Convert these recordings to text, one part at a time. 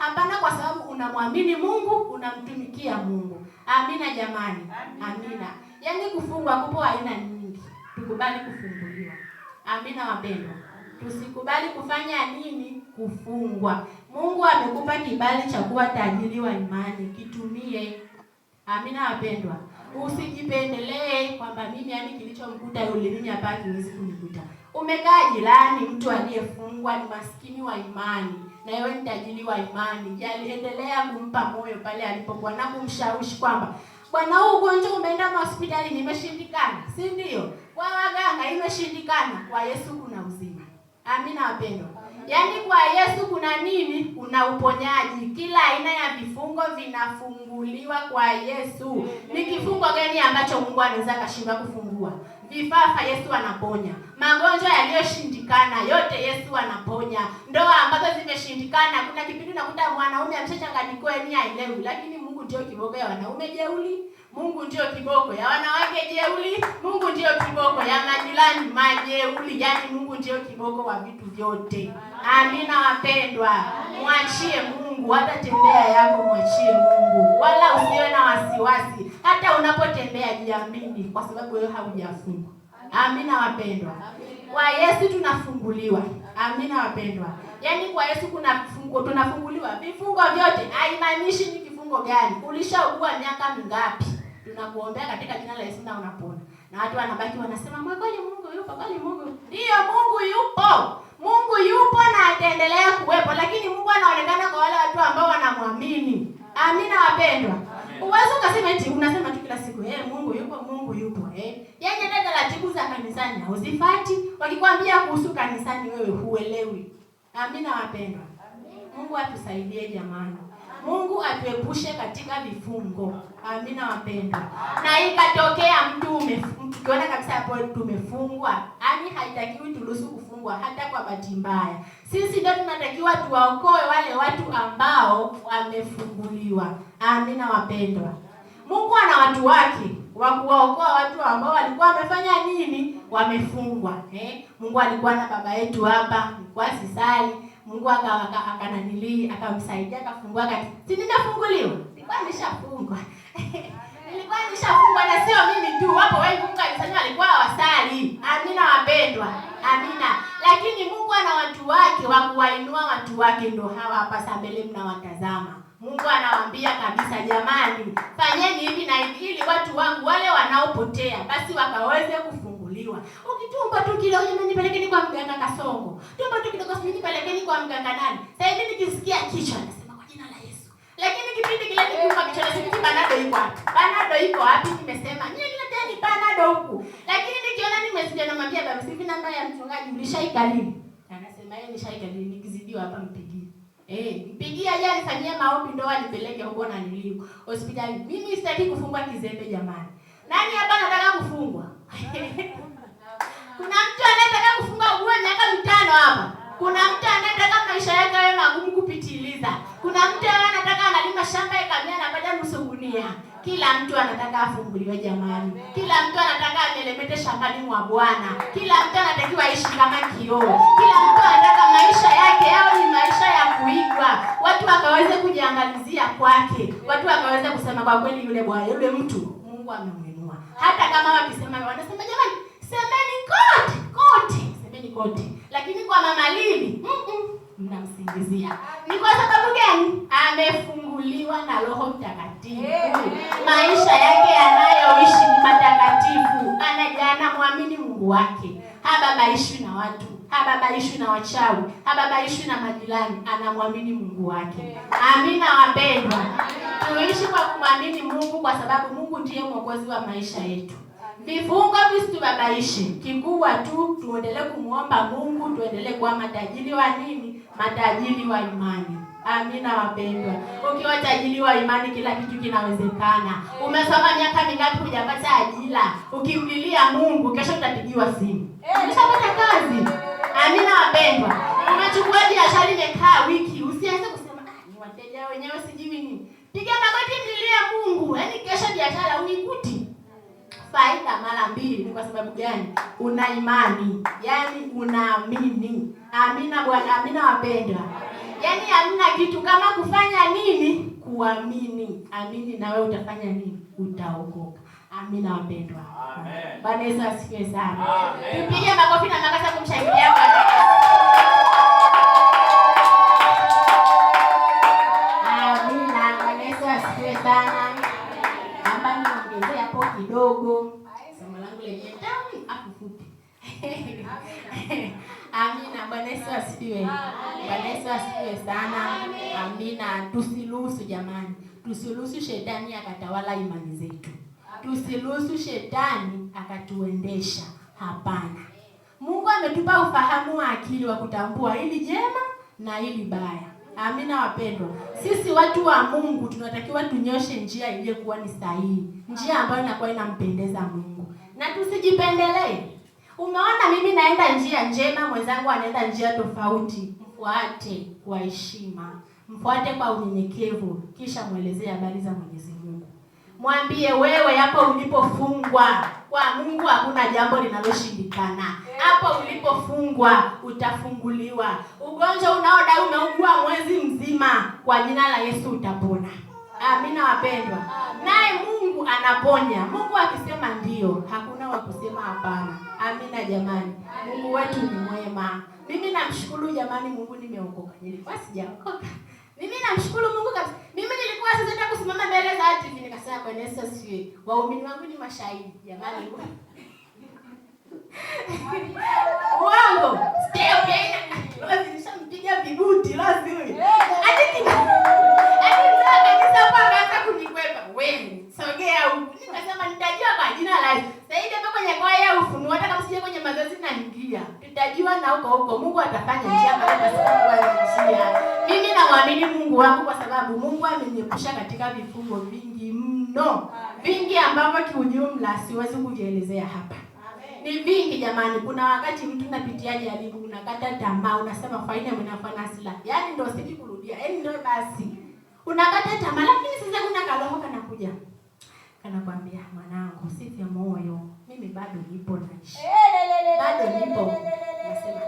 Hapana, kwa sababu unamwamini Mungu, unamtumikia Mungu. Amina jamani, amina, Yaani kufungwa kupo aina nyingi, tukubali kufunguliwa. Amina wapendwa, tusikubali kufanya nini? Kufungwa. Mungu amekupa kibali cha kuwa tajiri wa imani, kitumie. Amina wapendwa, usijipendelee kwamba mimi, yaani kilichomkuta yule, mimi hapa kiwezi kunikuta. Umekaa jirani, mtu aliyefungwa ni maskini wa imani na yeye ni tajiri wa imani. Aliendelea kumpa moyo pale alipokuwa na kumshawishi kwamba bwana, huu ugonjwa umeenda hospitali, nimeshindikana, si ndio? Kwa waganga imeshindikana, kwa Yesu kuna uzima. Amina wapendwa. Yaani kwa Yesu kuna nini? Kuna uponyaji. Kila aina ya vifungo vinafunguliwa kwa Yesu. Ni kifungo gani ambacho Mungu anaweza kashinda kufungua? Vifafa Yesu anaponya, magonjwa yaliyoshindikana yote Yesu anaponya, ndoa ambazo zimeshindikana. Kuna kipindi unakuta mwanaume ameshachanganyikiwa ni aelewi, lakini Mungu ndio kiboko ya wanaume jeuli, Mungu ndio kiboko ya wanawake jeuli, Mungu ndio kiboko ya majirani majeuli, yaani Mungu ndio kiboko wa vitu vyote. Amina wapendwa, mwachie Mungu, hata tembea yako mwachie Mungu, wala usiwe na wasiwasi hata unapotembea jiamini, kwa sababu wewe haujafungwa. Amina wapendwa, kwa Yesu tunafunguliwa. Amina wapendwa, yaani kwa Yesu kuna fungo, tunafunguliwa vifungo vyote, haimaanishi ni kifungo gani, ulishaugua miaka mingapi. Tunakuombea katika jina la Yesu na unapona, na watu wanabaki wanasema kweli Mungu yupo, kweli Mungu ndiyo, Mungu yupo Mungu yupo na ataendelea kuwepo, lakini Mungu anaonekana kwa wale watu ambao wanamwamini. Amina wapendwa uwezo ukasema eti unasema tu kila siku eh, Mungu yupo, Mungu yupo eh. Yaani hata taratibu za kanisani na usifati, wakikwambia kuhusu kanisani wewe huelewi. Amina wapendwa. Mungu atusaidie jamani. Mungu atuepushe katika vifungo. Amina wapendwa. Na ikatokea mtu ukiona kabisa hapo mtu umefungwa haitakiwi turuhusu kufungwa hata kwa bahati mbaya. Sisi ndio tunatakiwa tuwaokoe wale watu ambao wamefunguliwa. Amina wapendwa. Mungu ana watu wake wa kuwaokoa watu ambao walikuwa wamefanya nini? Wamefungwa. Eh? Mungu alikuwa na baba yetu hapa, kwa sisali. Mungu akananilii, akamsaidia, akafungua kati. Si ninafunguliwa? Nilikuwa nimeshafungwa. Nilikuwa nishafungwa na sio mimi tu, wapo wengi Mungu alisema alikuwa wasali. Amina wapendwa, amina. Lakini Mungu ana watu wake wa kuwainua watu wake, ndio hawa hapa sambele mnawatazama. Mungu anawaambia kabisa, jamani, fanyeni hivi na hivi ili watu wangu wale wanaopotea basi wakaweze kufunguliwa. Ukitumba tu kile nipelekeni kwa mganga Kasongo, tumba tu kidogo, sijui nipelekeni kwa mganga nani. Sasa hivi nikisikia kichwa nasema kwa jina la kipindi kile nikiuma kichwa siku panado iko hapa. Panado iko wapi? Nimesema nyinyi ni panado huku. Lakini nikiona nimesikia na mwambia baba sivi namba ya mchungaji ulishaikalili. Anasema yeye nishaikalili nikizidiwa hapa mpigie. Eh, mpigie aje anifanyie maombi ndio anipeleke huko na nilio hospitali. Mimi sitaki kufungwa kizembe jamani. Nani hapa anataka kufungwa? Kuna mtu anataka kufungwa uwe miaka mitano hapa. Kuna mtu anataka maisha yake yawe magumu kupitiliza. Kuna mtu ambaye anataka analima shamba ya kamia anapata nusu gunia. Kila mtu anataka afunguliwe jamani. Kila mtu anataka amelemete shambani mwa Bwana. Kila mtu anatakiwa aishi kama kioo. Kila mtu anataka maisha yake yao ni maisha ya kuigwa. Watu wakaweze kujiangalizia kwake. Watu wakaweze kusema kwa kweli yule bwana yule mtu Mungu amemwinua. Hata kama wakisema wanasema jamani, semeni kote, kote, semeni kote. Lakini kwa mama Lili, mm -mm, mnamsingizia. Ni kwa sababu Amen. Amefunguliwa na Roho Mtakatifu. Maisha yake anayoishi ni matakatifu. Anajana mwamini Mungu wake. Hababaishwi na watu, hababaishwi na wachawi, hababaishwi na majirani, anamwamini Mungu wake. Amina wapendwa. Tuishi kwa kumwamini Mungu kwa sababu Mungu ndiye mwokozi wa maisha yetu. Vifungo visitubabaishi. Kikubwa tu tuendelee kumwomba Mungu, tuendelee kuwa matajiri wa nini? Matajiri wa imani. Amina wapendwa, ukiwa tajiri wa imani, kila kitu kinawezekana. Umesoma miaka mingapi hujapata ajira? Ukimlilia Mungu, kesho utapigiwa simu, umeshapata kazi. Amina wapendwa, umechukua biashara imekaa wiki, usianze kusema ah, ni wateja wenyewe sijui nini. Piga magoti, mlilie Mungu, yaani kesho biashara uikuti faida mara mbili. Ni kwa sababu gani? Una imani, yaani unaamini. Amina Bwana, amina wapendwa yaani hamna kitu kama kufanya nini, kuamini. Amini na wewe utafanya nini? Utaokoka. Amina wapendwa, amen. Bwana Yesu asifiwe sana, amen. Tupige makofi na makasa kumshangilia Bwana. Amina, Bwana Yesu sana. Naomba niongezee hapo kidogo, somo langu lenye tamu afufupi Amina. Bwana Yesu asifiwe. Bwana Yesu asifiwe sana. Amina. Tusiruhusu jamani, tusiruhusu shetani akatawala imani zetu, tusiruhusu shetani akatuendesha. Hapana, Mungu ametupa ufahamu wa akili wa kutambua hili jema na hili baya. Amina wapendwa, sisi watu wa Mungu tunatakiwa tunyoshe njia iliyokuwa ni sahihi, njia ambayo inakuwa inampendeza Mungu na tusijipendelee Umeona, mimi naenda njia njema, mwenzangu anaenda njia tofauti. Mfuate kwa heshima, mfuate kwa unyenyekevu, kisha mwelezee habari za Mwenyezi Mungu. Mwambie wewe, hapo ulipofungwa kwa Mungu hakuna jambo linaloshindikana. Hapo ulipofungwa utafunguliwa. Ugonjwa unaodai unaugua mwezi mzima, kwa jina la Yesu utapona. Amina wapendwa, naye Mungu Mungu anaponya. Mungu akisema ndio, hakuna wa kusema hapana. Amina jamani, Mungu wetu ni mwema. Mimi namshukuru jamani, Mungu nimeokoka, nilikuwa sijaokoka. Mimi namshukuru Mungu kabisa. Mimi nilikuwa siwezi kusimama mbele za watu hivi, nikasema kwa Yesu sio, Waumini wangu ni mashahidi jamani. Wango, stay okay. Lazima nishampiga vibuti lazima. Hadi hadi sasa akaanza kunikwepa wewe sogea huku. Nikasema nitajua majina la zaidi hapa kwenye kwa ya ufunuo, hata kama sije kwenye mazoezi naingia. Nitajua na huko huko Mungu atafanya njia baada ya njia. Mimi namwamini Mungu wangu kwa sababu Mungu ameniepusha katika vifungo vingi mno. Vingi ambavyo kiujumla siwezi kuvielezea hapa. Ni vingi jamani. Kuna wakati mtu unapitia jaribu, unakata tamaa, unasema kwa nini mnafanya sila. Yaani ndio siji kurudia. Yaani ndio basi. Unakata tamaa lakini sasa kuna kaloho kanakuja anakwambia mwanangu, usife moyo, mimi bado nipo naishi, bado nipo nasema.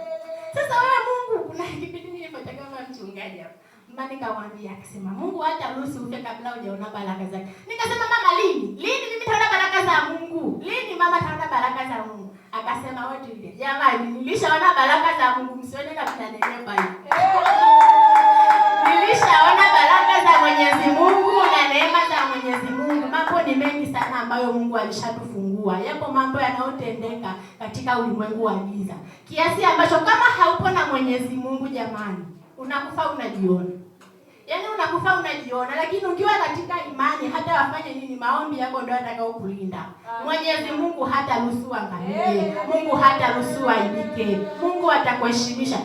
Sasa wewe Mungu, kuna kipindi nilipata kama mchungaji hapa mama, nikamwambia akisema, Mungu hata ruhusi ufe kabla hujaona baraka zake. Nikasema, mama, lini lini mimi taona baraka za Mungu? Lini mama taona baraka za Mungu? Akasema, wewe tu jamani, nilishaona baraka za Mungu, msione na mnanenepa hivi, nilishaona baraka za Mwenyezi Mungu. ambayo Mungu alishatufungua. Yapo mambo yanayotendeka katika ulimwengu wa giza kiasi ambacho kama haupo na Mwenyezi Mungu, jamani, unakufa unajiona, yaani unakufa unajiona. Lakini ukiwa katika imani, hata wafanye nini, maombi yako ndio atakao kulinda. Ah. Mwenyezi Mungu hata ruhusu angalie, Mungu hata ruhusu aibike, Mungu atakuheshimisha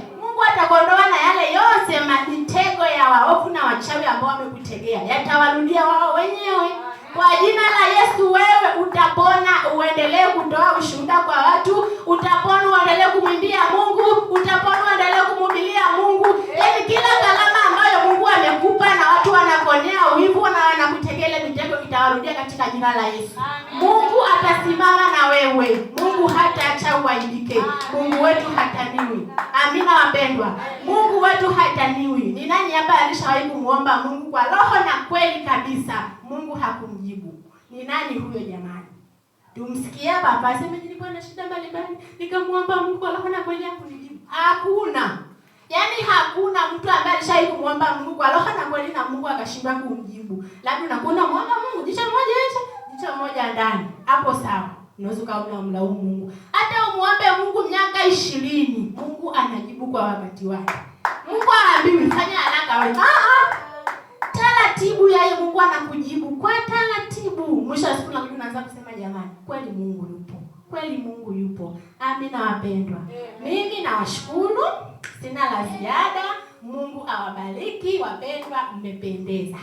atakondoa na yale yote mitego ya waovu na wachawi ambao wamekutegea, yatawarudia wao wenyewe. Kwa jina la Yesu wewe utapona, uendelee kutoa ushuhuda kwa watu, utapona, uendelee kumwimbia Mungu, utapona, uendelee kumhubilia Mungu. Yaani kila kalama ambayo Mungu amekupa na watu wanakonea wivu na wanakutegele mitego, itawarudia katika jina la Yesu. Mungu atasimama na wewe. Mungu hataacha uaibike. Mungu wetu hataniwi. Amina wapendwa. Mungu wetu hataniwi. Ni nani hapa alishawahi kumwomba Mungu kwa roho na kweli kabisa? Mungu hakum nani huyo jamani? Tumsikia baba aseme nilikuwa na shida mbalimbali, nikamwomba Mungu alafu na kweli akunijibu. Hakuna. Yaani hakuna mtu ambaye alishawahi kumwomba Mungu alafu na kweli na Mungu akashindwa kumjibu. Labda unakuona muomba Mungu jicho moja nje, jicho moja ndani. Hapo sawa. Unaweza kaona mlaumu Mungu. Hata umwombe Mungu miaka 20, Mungu anajibu kwa wakati wake. Mungu haambiwi fanya haraka wewe. Ah ah. Taratibu yaye Mungu anakujibu kwa taratibu mwisho wa siku mimi naanza kusema jamani, kweli Mungu yupo, kweli Mungu yupo. Amina wapendwa, mimi nawashukuru, sina la ziada. Mungu awabariki wapendwa, mmependeza.